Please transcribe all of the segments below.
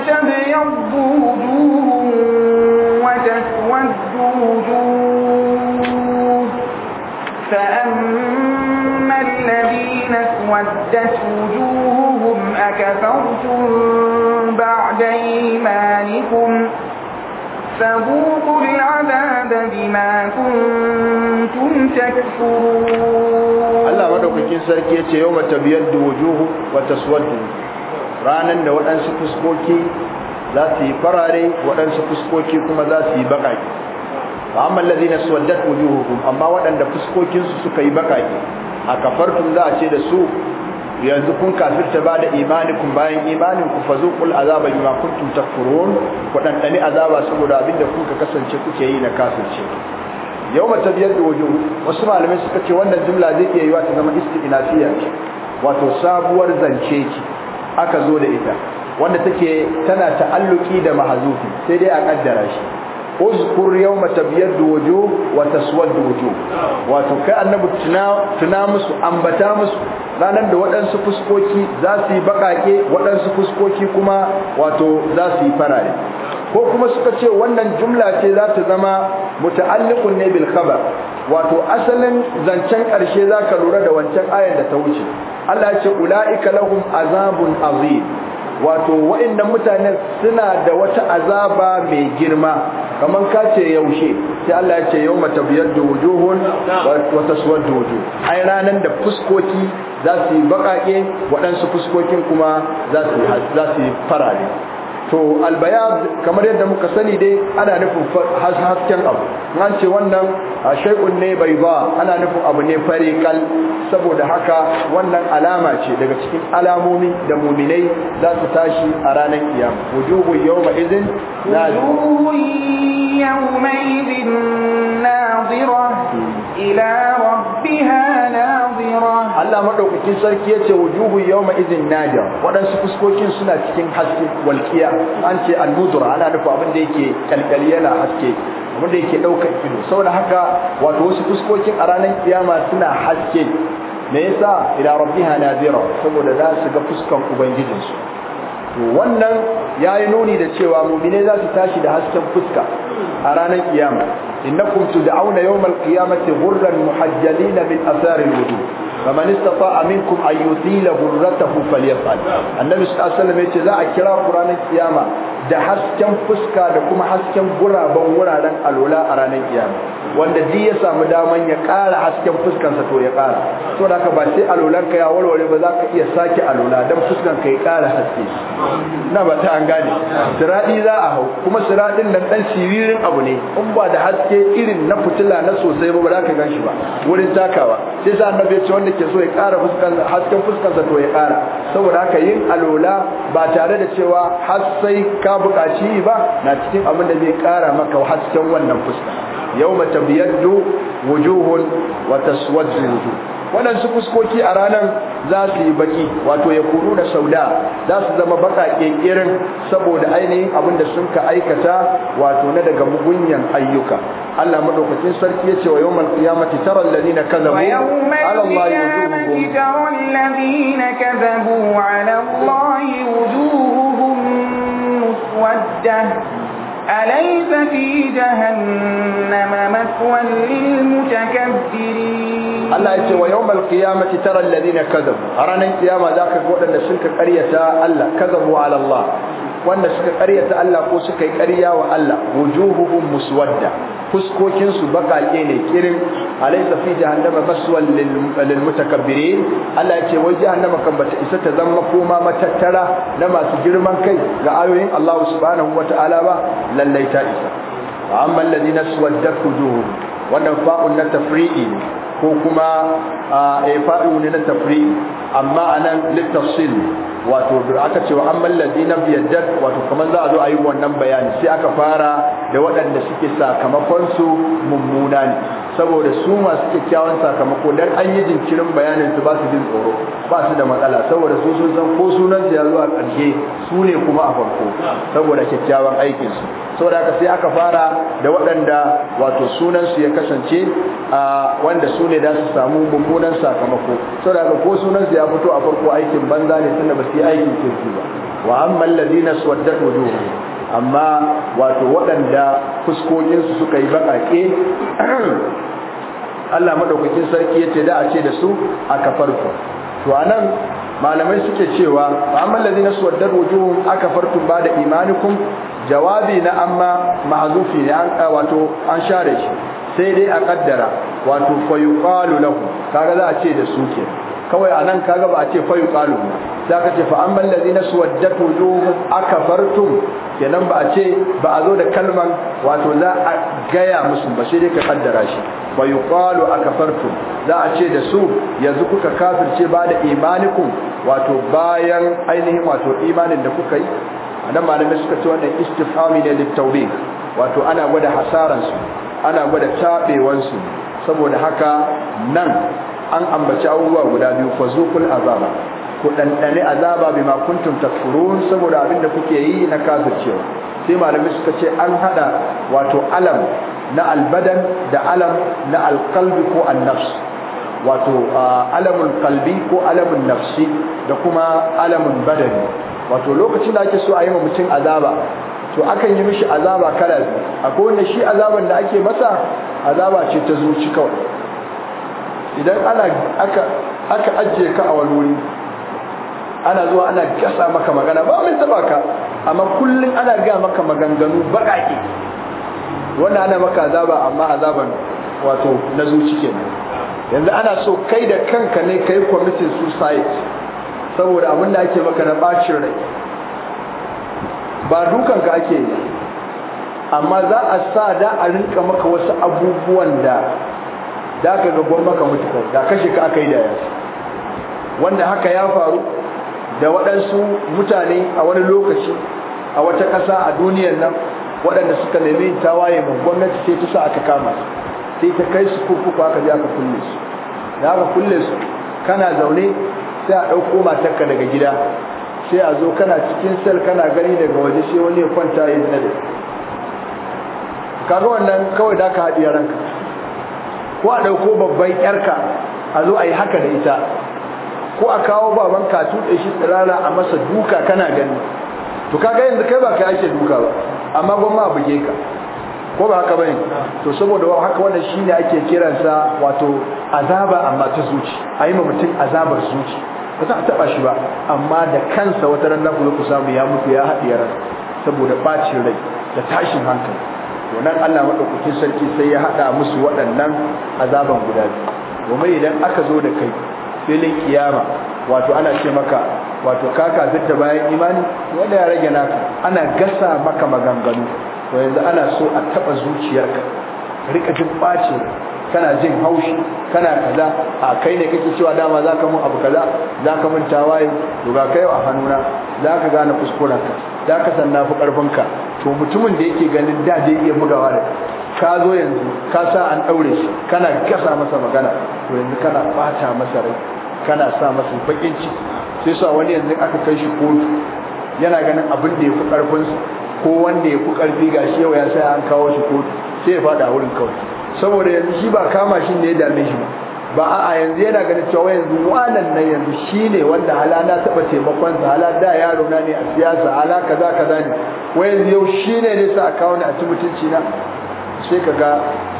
وتبيض وجوه وتسود وجوه فأما الذين اسودت وجوههم أكفرتم بعد إيمانكم فذوقوا العذاب بما كنتم تكفرون الله مدوكين سركي يتي يوم تبيض وجوه وتسود وجوه ranan da waɗansu fuskoki za su yi farare waɗansu fuskoki kuma za su yi baƙaƙi. Ba amma su allazina suwaddat wujuhukum amma waɗanda fuskokinsu suka yi baƙaƙi, a kafartum za a ce da su yanzu kun kafir ta ba da imanikun bayan imanin ku fa zuqul azaba bima kuntum takfurun Ku ɗanɗani azaba saboda abin abinda kuka kasance kuke yi na kasance. Yau kafirce biyar da wujuh wasu malamai suka ce wannan jumla zai iya yi ta zama istinafiya wato sabuwar zance ce aka zo da ita wanda take tana ta'alluki da mahazufi sai dai a kaddara shi uzkur yawma tabyaddu wujuh wa taswaddu wujuh wato kai annabi tuna tuna musu ambata musu ranar da waɗansu fuskoki za su yi baƙaƙe waɗansu fuskoki kuma wato za su yi farare ko kuma suka ce wannan jumla ce za ta zama muta'alliqun ne bil khabar wato asalin zancen ƙarshe za ka lura da wancan ayar da ta wuce Allah ya ce ula'ika lahum azabun azim wato wa'annan mutanen suna da wata azaba mai girma kaman ka ce yaushe sai Allah ya ce yawma tabyaddu wujuhun wa taswaddu wujuh ai ranan da fuskoki za su yi baƙaƙe waɗansu fuskokin kuma za su za su yi farare to albayad kamar yadda muka sani dai ana nufin hasken abu an ce wannan shay'un ne bai ba ana nufin abu ne fari saboda haka wannan alama ce daga cikin alamomi da muminai za su tashi a ranar kiyama wujuhu yawma idin nadira ila rabbiha Allah madaukakin sarki yace wujuhu yawma idhin nadir wadansu fuskokin suna cikin haske walqiya an ce al-mudra ana nufa abin da yake kalkali yana haske abin da yake daukar ido saboda haka wato wasu fuskokin a ranar kiyama suna haske me yasa ila rabbiha nadira saboda za su ga fuskan ubangijinsu to wannan yayi nuni da cewa mu'mine za su tashi da hasken fuska a ranar kiyama innakum tud'auna yawmal qiyamati ghurran muhajjalina na athari al-wudu فمن استطاع منكم ان يثيله رته فليفعل النبي صلى الله عليه وسلم يقول لا قران القيامه da hasken fuska da kuma hasken guraben wuraren alola a ranar kiyama wanda duk ya samu daman ya ƙara hasken fuskansa to ya ƙara to da ka ba sai alolan ka ya warware ba za ka iya sake alola don fuskan ka ya ƙara haske na ba ta an gane siraɗi za a hau kuma siraɗin nan ɗan siririn abu ne in ba da haske irin na fitila na sosai ba ba za ka ganshi ba wurin takawa sai sa annabi ce wanda ke so ya ƙara hasken fuskansa to ya ƙara saboda haka yin alola ba tare da cewa har sai ka buƙaci ba na cikin abin da zai ƙara maka hasken wannan fuska ta tabyaddu wujuhun wa taswaddu wujuh waɗansu fuskoki a ranar za su yi baki wato ya kuru da sauda za su zama baƙa irin saboda ainihin abin da sun ka aikata wato na daga mugunyan ayyuka Allah madaukakin sarki ya ce wa yawmal qiyamati tara alladhina kazabu ala Allah wujuhuhum مودة أليس في جهنم مثوى للمتكبرين الله يتي ويوم القيامة ترى الذين كذبوا أرانا القيامة ذاك قول أن الشرك قرية الله كذبوا على الله وأن الشرك قرية الله قوسك قرية وألا وجوههم مسودة su baƙaƙe ne kirin alaysa fi jahannama maswal lil mutakabbirin Allah ya ce wai jahannama kan bata isa ta zama koma matattara na masu girman kai ga ayoyin Allah subhanahu wataala ba lallai ta isa amma alladhina swaddat wujuhum wannan fa'un na tafri'i ne ko kuma a eh, faɗi ne na tafri amma a nan littafsil wato aka ce wa an mallazi na biyaddad wato kamar za a zo a yi wannan bayani sai aka fara da waɗanda suke sakamakonsu mummuna ne saboda su masu kyakkyawan sakamako dan an yi jinkirin bayanin su ba su jin tsoro ba su da matsala saboda su sun san ko sunan su ya zuwa ƙarshe su ne kuma a farko saboda kyakkyawan aikin su saboda haka sai aka fara da waɗanda wato sunan su ya kasance a wanda su ne da su samu mummunan sakamako saboda haka ko sunan su ya fito a farko aikin banza ne tunda ba su yi aikin kirki ba wa amma alladhina swaddat wujuhum amma wato waɗanda fuskokinsu suka yi baƙaƙe Allah maɗaukakin sarki ya ce da a ce da su a kafarku to a nan malamai suke cewa amma lazi na suwaddar wujuhun aka fartu ba da imanikun jawabi na amma mahazufi ne an wato an share shi sai dai a ƙaddara wato fayuqalu lahu kaga za a ce da su ke kawai anan kaga ba a ce fayuqalu ka ce fa su wadda suwaddat wujuhum akafartum kenan ba a ce ba a zo da kalman wato za a gaya musu ba sai dai ka kaddara shi fa yuqalu akafartum za a ce da su yanzu kuka kafirce ba da imanikum wato bayan ainihin wato imanin da kuka yi anan malamai suka ce wannan istifhami ne littawbi wato ana gwada hasaran ana gwada taɓewansu. saboda haka nan an ambaci abubuwa guda biyu fa zuqul azaba ku dandane azaba bima kuntum takfurun saboda abinda kuke yi na kafircewa sai malamai suka ce an hada wato alam na albadan da alam na alqalbi ko annafs wato alamul qalbi ko alamun nafsi da kuma alamun badani wato lokacin da ake so a yi wa mutum azaba to akan yi mishi azaba kala akwai wanda shi azaban da ake masa azaba ce ta zuci kawai idan ana aka aka ajiye ka a wani wuri ana zuwa ana gasa maka magana ba mai taba ka amma kullum ana ga maka maganganu baƙaƙe wannan ana maka azaba amma azaban wato na zuci kenan yanzu ana so kai da kanka ne kai committing suicide saboda abin da ake maka na bacin rai ba dukanka ake yi amma za a sa da a rinka maka wasu abubuwan da da ka ga maka mutukar da kashe ka aka yi da yasu wanda haka ya faru da waɗansu mutane a wani lokaci a wata ƙasa a duniyar nan waɗanda suka nemi tawaye mai gwamnati sai ta sa aka kama su sai ta kai su kurkuku aka je aka kulle su da aka kulle su kana zaune sai a ɗauko matarka daga gida sai a zo kana cikin sel kana gani daga waje sai wani ya kwanta ya zina da kaga wannan kawai da ka haɗiya ranka ko a ɗauko babban yarka a zo a yi haka da ita ko a kawo baban ka tuɗe shi tsirara a masa duka kana gani to kaga yanzu kai ba ka ake duka ba amma gwamma a buge ka ko ba haka bane to saboda haka wannan shine ake kiransa wato azaba a ta zuci ayi ma mutum azabar zuci ba za a taba shi ba amma da kansa wata ran na ku samu ya mutu ya haɗiya ran saboda bacin rai da tashin hankali to nan Allah madaukakin sarki sai ya haɗa musu waɗannan azaban guda biyu domin idan aka zo da kai filin kiyama wato ana ce maka wato ka kafirta bayan imani wanda ya rage naka ana gasa maka maganganu to yanzu ana so a taba zuciyarka rika jin bace kana jin haushi kana kaza a kai ne kake cewa dama za ka mun abu kaza za ka mun tawaye to ga kai a hannuna za ka gane kuskurenka za ka san na to mutumin da yake ganin da zai iya bugawa da ka zo yanzu ka sa an daure shi kana gasa masa magana to yanzu kana bata masa rai kana sa masa bakin ci. sai sa wani yanzu aka kai shi kotu yana ganin abin da ya fi karfin ko wanda ya fi karfi gashi yau ya sai an kawo shi kotu sai ya fada wurin kawai saboda yanzu shi ba kama shi ne ya dame shi ba ba a'a yanzu yana ganin cewa yanzu wannan nan yanzu shine wanda hala na taba taimakon sa hala da yaro na ne a siyasa hala kaza kaza ne wai yanzu yau shine ne sa kawo ni a cikin mutunci na sai ka ga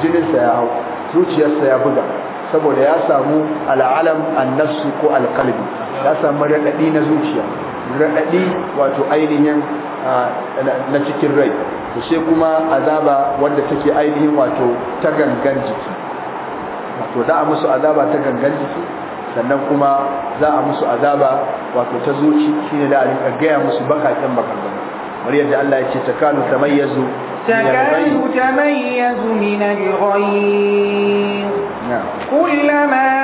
jininsa ya hau zuciyarsa ya buga saboda ya samu al'alam annafsu ko alƙalbi ya samu raɗaɗi na zuciya raɗaɗi wato ainihin na cikin rai da shi kuma azaba wanda take ainihin wato ta gangan jiki wato da a musu azaba ta gangan jiki sannan kuma za a musu azaba wato ta zuci shine da a gaya musu bakakin bakakin Bari yadda Allah ya ce takanu tamayyazu التكره تميز من الغيظ نعم. كلما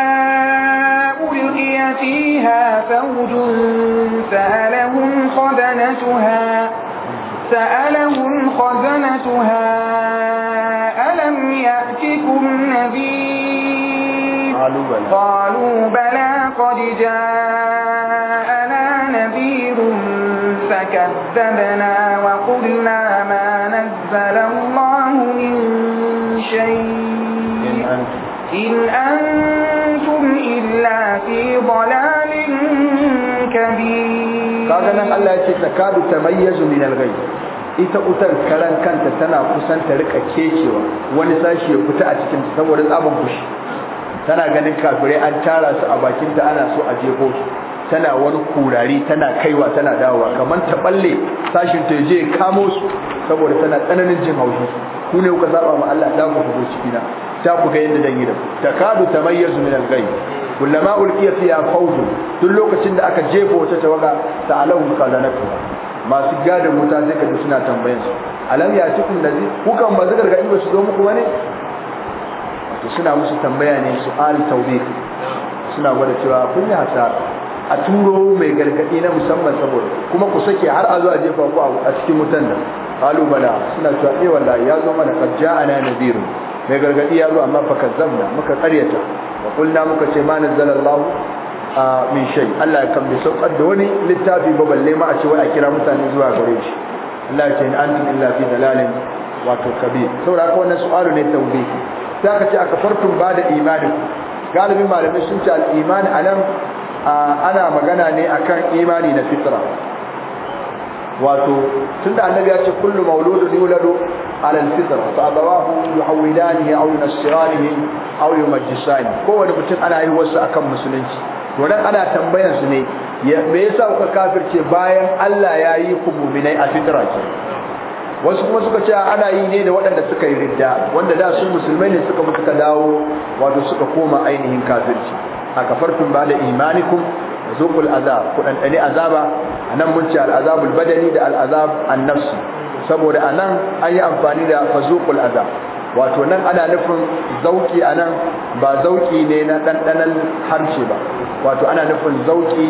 ألقي فيها فوج سألهم خزنتها سألهم خزنتها ألم يأتكم نذير قالوا بلى قد جاءنا نذير فكذبنا وقلنا شيء إن أنتم إلا في ضلال كبير هذا نحن الله يتكاد تميز من الغيب ita utar karan kanta tana kusan ta rika kecewa wani sashi ya fita a cikin saboda tsabon fushi tana ganin kafirai an tara su a bakinta ana so a jefo su tana wani kurari tana kaiwa tana dawowa kamar ta balle sashin ta je kamo su saboda tana tsananin jin haushi ku ne kuka saba ma Allah da ku fito ciki na ta ku ga yadda dangi da ku takadu tamayyazu min al-ghayb kullama ulqiya fiha fawz duk lokacin da aka jefa wata tawaga ta ta'alahu qalanatu masu gadin wuta sai kaji suna tambayan su alam ya ci cikin da kukan ba zikar gadi ba su zo muku bane to suna musu tambaya ne su al tawbih suna gwada cewa kun yi hasara a turo mai gargadi na musamman saboda kuma ku sake har a zo a jefa ku a cikin mutan da. qalu bala suna cewa eh wallahi ya zo mana qad ja'ana nadhirun mai gargadi ya zo amma fa kazzabna muka ƙaryata wa muka ce ma a min shay Allah ya kambe bi saukar da wani littafi ba balle ma a ce wai a kira mutane zuwa gare shi Allah ya ce in antum illa fi dalalin wato kabir saboda haka wannan su'alu ne tawbihi zaka ce aka fartun ba da imani galibin malamai sun ce al-iman anan ana magana ne akan imani na fitra wato tunda annabi ya ce kullu mauludun yuladu ala alfitra fa abawahu yuhawilanihi aw yunashirani aw yumajjisani kowane mutum ana yi wasu akan musulunci wannan ana tambayar su ne me yasa kuka kafirce bayan Allah ya yi ku mu'minai a fitra ce wasu kuma suka ce ana yi ne da waɗanda suka yi ridda wanda da su musulmai ne suka mutu dawo wato suka koma ainihin kafirci a ba da imanikum da zuƙul azab ku dani azaba a nan mun al al'azabul badani da al'azab an saboda a nan an amfani da fazuqul azab wato nan ana nufin zauki a ba zauki ne na ɗanɗanan harshe ba wato ana nufin zauki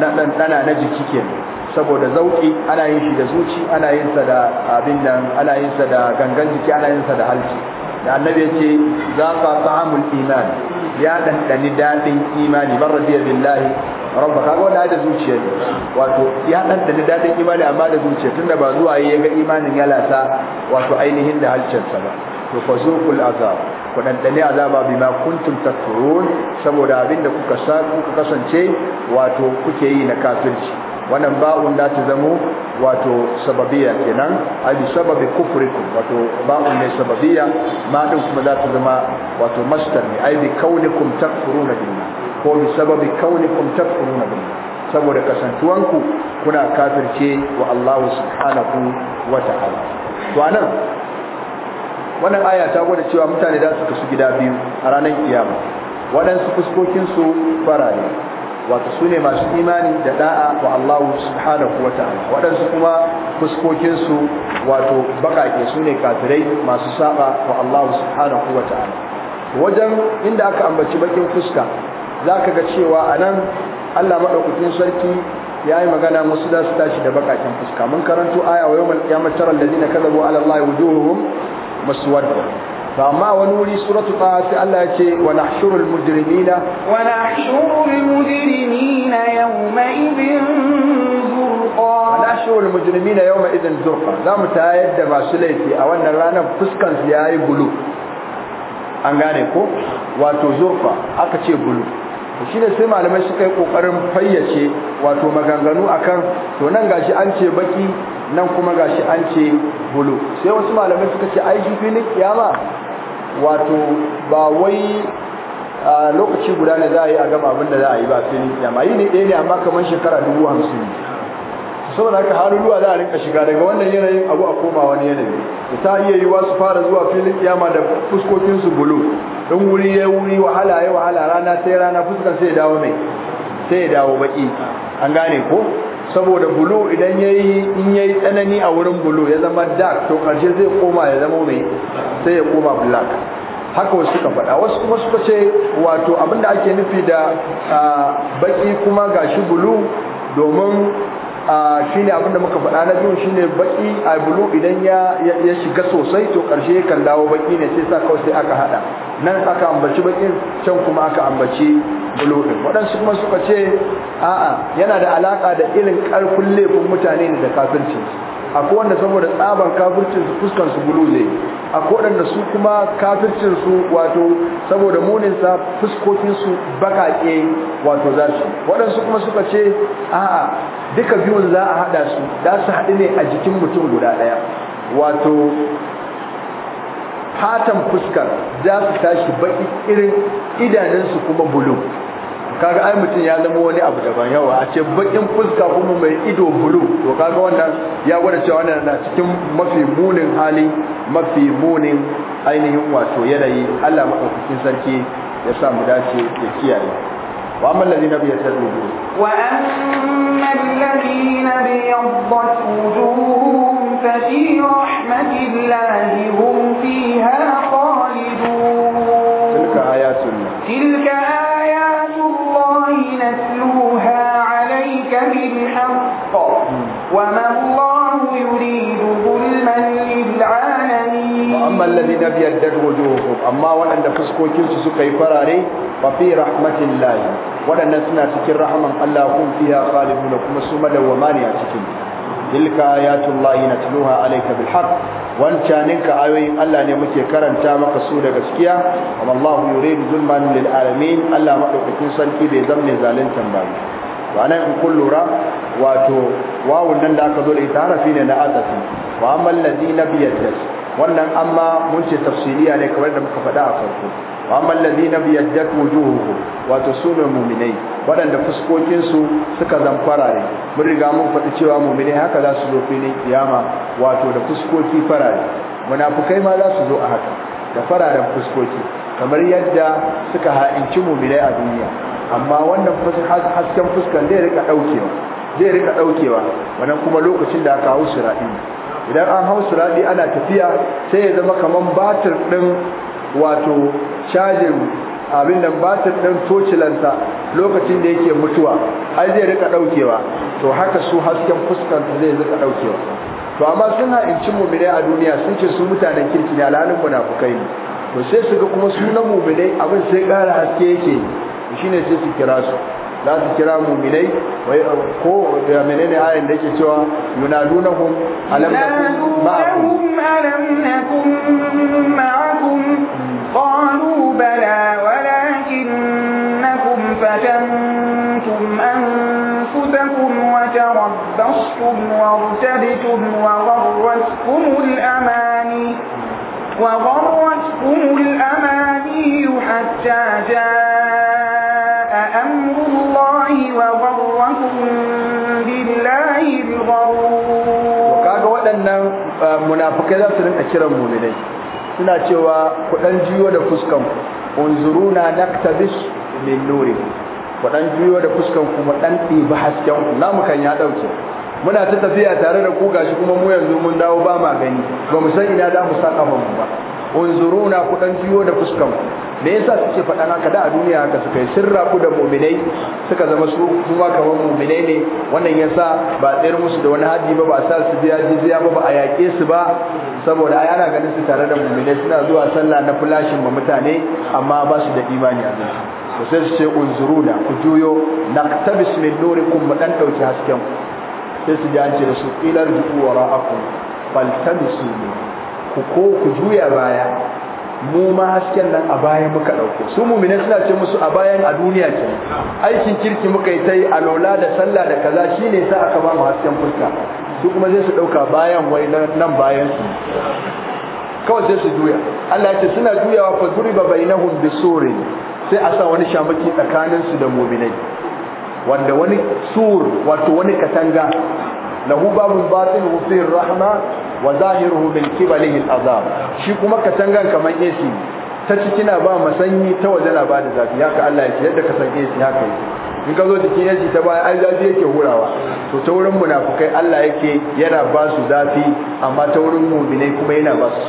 na ɗanɗana na jiki ke saboda zauki ana yin shi da zuci ana yin sa da abin nan ana yin sa da gangan jiki ana yin sa da harshe. da annabi yace za ka ta'amul iman ya dandani dadin imani bar radiya billahi rabba kaga wanda da zuciya wato ya dandani dadin imani amma da zuciya tunda ba zuwa yayi ga imanin ya lasa wato ainihin da sa ba to fazuqul azab ku dandani azaba bima kuntum takfurun saboda abinda kuka kuka kasance wato kuke yi na kafirci wannan ba'un da ta zamo wato sababiyya kenan ai bi sababi kufrikum wato ba'un ne sababiyya ma din kuma za ta zama wato masdar ne ai bi kaunikum takfuruna billah ko bi sababi kaunikum takfuruna billah saboda kasantuwanku kuna kafirce wa Allah subhanahu wa ta'ala to anan wannan aya ta gwada cewa mutane da su kasu gida biyu a ranar kiyama waɗansu fuskokinsu farare wato sune masu imani da da'a wa Allah subhanahu wata'ala waɗansu kuma fuskokin su wato bakake sune kafirai masu saba wa Allah subhanahu wata'ala wajen inda aka ambaci bakin fuska zaka ga cewa a nan Allah madaukakin sarki yayi magana musu da su tashi da bakakin fuska mun karanto aya wa yawmal qiyamati taral ladina kadabu ala Allah wujuhuhum maswadda to amma wani wuri suratu ta sai Allah ya ce wa nahshurul mujrimina wa nahshurul mujrimina yawma idin zurqa nahshurul mujrimina yawma idin zurqa za mu ta yadda ba su laifi a wannan ranar fuskan su yayi bulu. an gane ko wato zurfa aka ce bulu. shi ne sai malamai suka yi kokarin fayyace wato maganganu akan to nan gashi an ce baki nan kuma gashi an ce bulu sai wasu malamai suka ce ai shi filin kiyama wato ba wai a lokaci guda ne za a yi a gama abin da za a yi ba filin yamma yi ne ɗaya ne amma kamar shekara dubu hamsin saboda haka haluluwa za a rinka shiga daga wannan yanayin abu a koma wani yanayi Da ta iya yiwa su fara zuwa filin kiyama da fuskokinsu bulu don wuri ya wuri wahala ya wahala rana sai rana fuskan sai ya dawo mai sai ya dawo baki an gane ko saboda bulu idan yayi in yayi tsanani a wurin bulu ya zama dark to karshe zai koma ya zama mai sai ya koma black haka wasu suka faɗa wasu kuma suka ce wato abinda ake nufi da baki kuma shi bulu domin shi ne abinda muka faɗa na biyun shi ne baki a bulu idan ya shiga sosai to karshe kan dawo baki ne sai sa kawai sai aka haɗa nan aka ambaci bakin can kuma aka ambaci buluhin waɗansu kuma suka ce a'a yana da alaƙa da irin ƙarfin laifin mutane ne da kafirci akwai wanda saboda tsaban kafircin su fuskan su bulu ne akwai waɗanda su kuma kafircin su wato saboda muninsa fuskokinsu fuskokin su bakake wato za su waɗansu kuma suka ce a'a duka biyun za a haɗa su za su haɗu ne a jikin mutum guda ɗaya wato fatan fuskar za su tashi baki irin idanunsu kuma bulu kaga ai mutum ya zama wani abu daban yawa a ce bakin fuska kuma mai ido bulu to kaga wanda ya gwada cewa wannan na cikin mafi munin hali mafi munin ainihin wato yanayi Allah madaukakin sarki ya sa mu dace ya kiyaye wa amma alladhina bi yatazlu wa amma alladhina bi yadhat fa fi rahmatillahi hum fiha khalidun tilka ayatun tilka الحق وما الله يريد ظلما للعالمين وأما الذين بيدد وجوههم أما وأن فسكوكين سكي فراري ففي رحمة الله وأن سنا سكر رحمة الله هم فيها خالدون كما سمد ومانع سكين تلك آيات الله نتلوها عليك بالحق wancaninka ayoyin Allah ne muke karanta maka su da gaskiya amma Allah yuridu zulman lil alamin Allah madaukakin sarki bai zamne zaluntan ba to anan in kun lura wato wawun nan da aka zo da ita harafi ne na azafi wa amma allazi na biyaddas wannan amma mun ce tafsiriya ne kamar da muka faɗa a farko wa amma allazi na biyaddas wujuhuhu wato ne mu'minai waɗanda fuskokin su suka zamfara ne mun riga mun faɗi cewa mu'minai haka za su zo filin kiyama wato da fuskoki farare munafukai ma za su zo a haka da fararen fuskoki kamar yadda suka ha'inci mu'minai a duniya amma wannan hasken fuskan zai rika daukewa zai rika daukewa wannan kuma lokacin da aka hau siradi idan an hau siradi ana tafiya sai ya zama kaman batir din wato cajin abin nan batir din tocilanta lokacin da yake mutuwa ai zai rika daukewa to haka su hasken fuskan zai rika daukewa to amma sun ha'incin mu'mine a duniya sun ce su mutanen kirki ne alhalin munafukai ne to sai su ga kuma sunan mu'mine abin sai kara haske yake shine sai su kira su za su kira muminai ko da menene ayin da yake cewa yunadunahum alam nakum ma'akum alam nakum ma'akum qalu bala walakinnakum fatantum anfusakum wa tarabbastum wartabtum wa gharratkum al-amani wa gharratkum al-amani waɗannan uh, munafukai za su rinka kiran muminai suna cewa kuɗan dan jiyo da fuskan ku na naktabis min nuri ku dan jiyo da fuskan ku mu dan ɗibi hasken ku namu kan ya dauke muna ta tafiya tare da ku gashi kuma mu yanzu mun dawo ba ma gani ba mu san ina za mu sa kafan ba unzuru na kuɗan jiyo da fuskan ku me yasa suke faɗa haka da a duniya haka suka yi sirra ku da muminai suka zama su kuma kamar muminai ne wannan yasa ba a tsere musu da wani haji ba ba a sa su biya jizya ba ba a yaƙe su ba saboda ai ana ganin su tare da muminai suna zuwa sallah na fulashin ma mutane amma ba su da imani a zuci sai su ce unzuruna ku juyo naqtabis min nurikum mu dan dauki hasken sai su ji an ce da su qilar ju'u wara'akum faltamisu ku ko ku juya baya mu ma hasken nan a baya muka ɗauko su mumine suna ce musu a bayan a duniya ke aikin kirki muka yi ta yi alola da sallah da kaza shi ne sa aka ba mu hasken fuska su kuma zai su ɗauka bayan wai nan bayan su kawai zai su juya Allah ce suna juyawa fa duriba bainahum bisurin sai a sa wani shamaki tsakanin su da mu'minai wanda wani sur wato wani katanga lahu babu batin hufin rahma wa zahiruhu min qibalihi al'azab shi kuma katangan kaman AC ta ciki na ba masanyi ta waje na ba da zafi haka Allah ya ce yadda ka san AC haka yake in ka zo cikin AC ta baya ai zafi yake hurawa to ta wurin munafukai Allah yake yana ba su zafi amma ta wurin mu'minai kuma yana ba su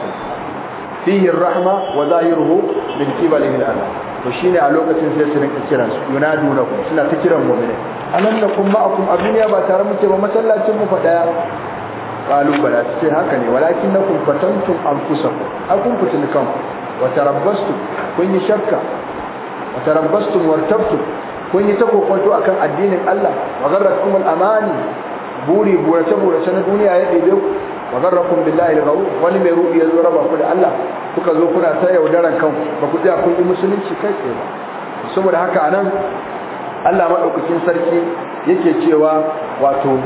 fihi rahma wa zahiruhu min qibalihi al'azab to shine a lokacin sai su rinka kiran su yunaduna suna ta kiran mu'mini anan da kuma a duniya ba tare muke ba masallacin mu fa kalubala su ce haka ne walakin na kumfatantun an kusa ku a kumfutin kan wata rabbastu kun yi shakka wata rabbastu wartabtu kun yi ta kokonto akan addinin Allah wa garrakum al-amani buri burace burace na duniya ya ɗebe ku wa garrakum billahi al-ghawr wani mai ruɗi ya zo raba ku da Allah kuka zo kuna ta yaudaran kanku ba ku tsaya kun yi musulunci kai tsaye ba saboda haka anan Allah madaukakin sarki yake cewa wato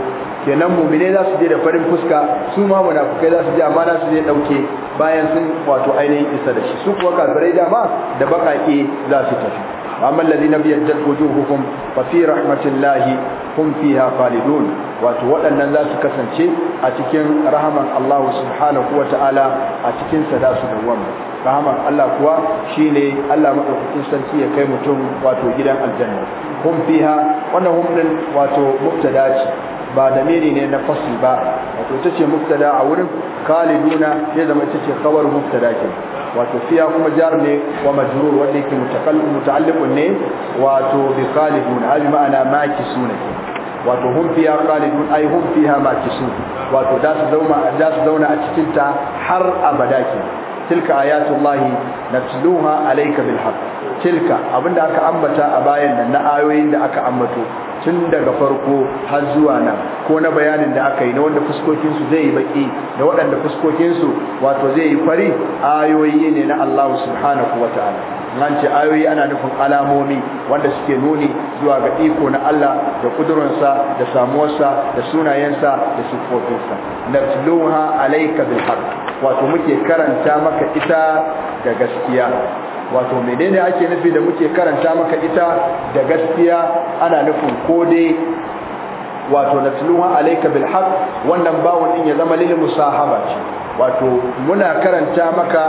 kenan mu'mine za su je da farin fuska su ma munafikai za su je amma za su je dauke bayan sun wato ainihin isa da shi su kuwa kafirai dama da baƙaƙe za su tafi amma alladhina biyaddat wujuhuhum fa fi rahmatillahi hum fiha falidun wato waɗannan za su kasance a cikin rahaman Allah subhanahu wa ta'ala a cikin sa da su dawwama rahaman Allah kuwa shine Allah maɗaukakin sarki ya kai mutum wato gidan aljanna hum fiha wannan hum wato mubtada ce ba da miri ne na fasi ba wato ta ce mubtada a wurin khaliduna ya zama ita ce khabar mubtada ke wato fiya kuma jar ne wa majrur wanda yake mutakallim muta'alliqun ne wato bi khalidun hali ma'ana maki suna ke. wato hum fiya khalidun ai hum fiha makisun wato da su zauna da su zauna a cikin ta har abada ke tilka ayatullahi natluha alayka bil haqq tilka abinda aka ambata a bayan nan na ayoyin da aka ambato tun daga farko har zuwa nan ko na bayanin da aka yi na wanda fuskokinsu zai yi baki da waɗanda fuskokinsu wato zai yi fari ayoyi ne na Allah subhanahu wa ta'ala nan ce ayoyi ana nufin alamomi wanda suke nuni zuwa ga iko na Allah da kudurinsa da samuwarsa da sunayensa da siffofinsa natluha alayka bil haqq wato muke karanta maka ita da gaskiya wato menene ake nufi da muke karanta maka ita da gaskiya ana nufin ko dai wato natluha alayka bil haqq wannan bawon din ya zama lil musahaba ce wato muna karanta maka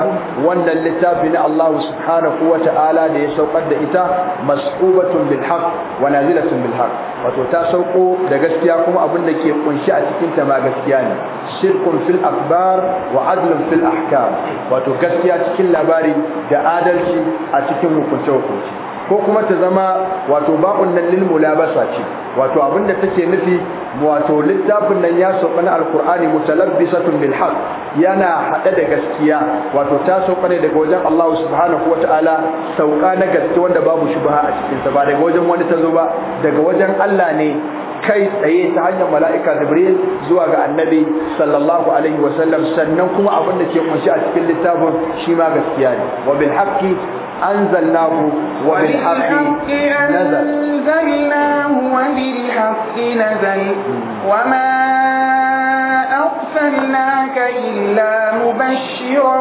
wannan littafi na Allah subhanahu wa ta'ala da ya saukar da ita mas'ubatun bil haqq wa nazilatun bil haqq wato ta sauko da gaskiya kuma abin da ke kunshi a cikin ta ma gaskiya ne shirkun fil akbar wa adlun fil ahkam wato gaskiya cikin labari da adalci a cikin hukunce hukunci ko kuma ta zama wato ba'un nan lil mulabasa ce wato abinda take nufi wato littafin nan ya sauka na alqur'ani mutalabbisatun bil haqq yana hada da gaskiya wato ta sauka ne daga wajen Allah subhanahu wataala sauka na gaske wanda babu shubha a cikin sa ba daga wajen wani ta zo ba daga wajen Allah ne kai tsaye ta hanyar mala'ika jibril zuwa ga annabi sallallahu alaihi wasallam sannan kuma abin da ke kunshi a cikin littafin shi ma gaskiya ne wa bil haqqi أنزلناه وبالحق نزل أنزلناه وبالحق نزل وما أرسلناك إلا مبشرا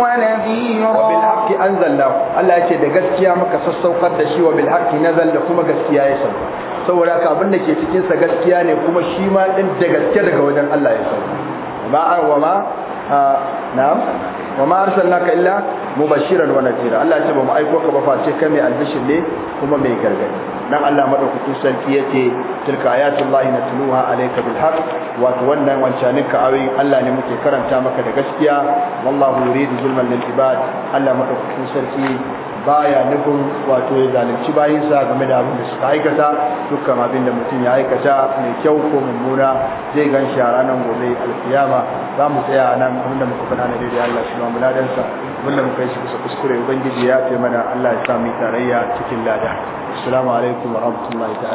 ونذيرا وبالحق أنزلناه الله يتي ده gaskiya muka sassaukar da shi wa bilhaqi nazal kuma gaskiya ya sauka saboda haka da ke cikinsa gaskiya ne kuma shi ma din da gaske daga wajen Allah ya sauka ba wa ma na'am wa ma arsalnaka illa mubashiran wa nadira Allah ce ba mu aiko ka ba face kai mai albishir ne kuma mai gargadi dan Allah madaukakin sarki yace tilka ayatullahi natluha alayka bil haqq wato wannan wancanin ka Allah ne muke karanta maka da gaskiya wallahu yuridu zulman lil ibad Allah madaukakin sarki baya nufin wato ya zalunci sa game da abin da suka aikata dukkan abin da mutum ya aikata mai kyau ko mummuna zai gan shi a ranar gobe alkiyama za mu tsaya nan abin da muka faɗa na daidai Allah shi ma muladansa wanda muka yi shi kusa kuskure ubangiji ya fi mana Allah ya sa mu tarayya cikin lada assalamu alaikum wa rahmatullahi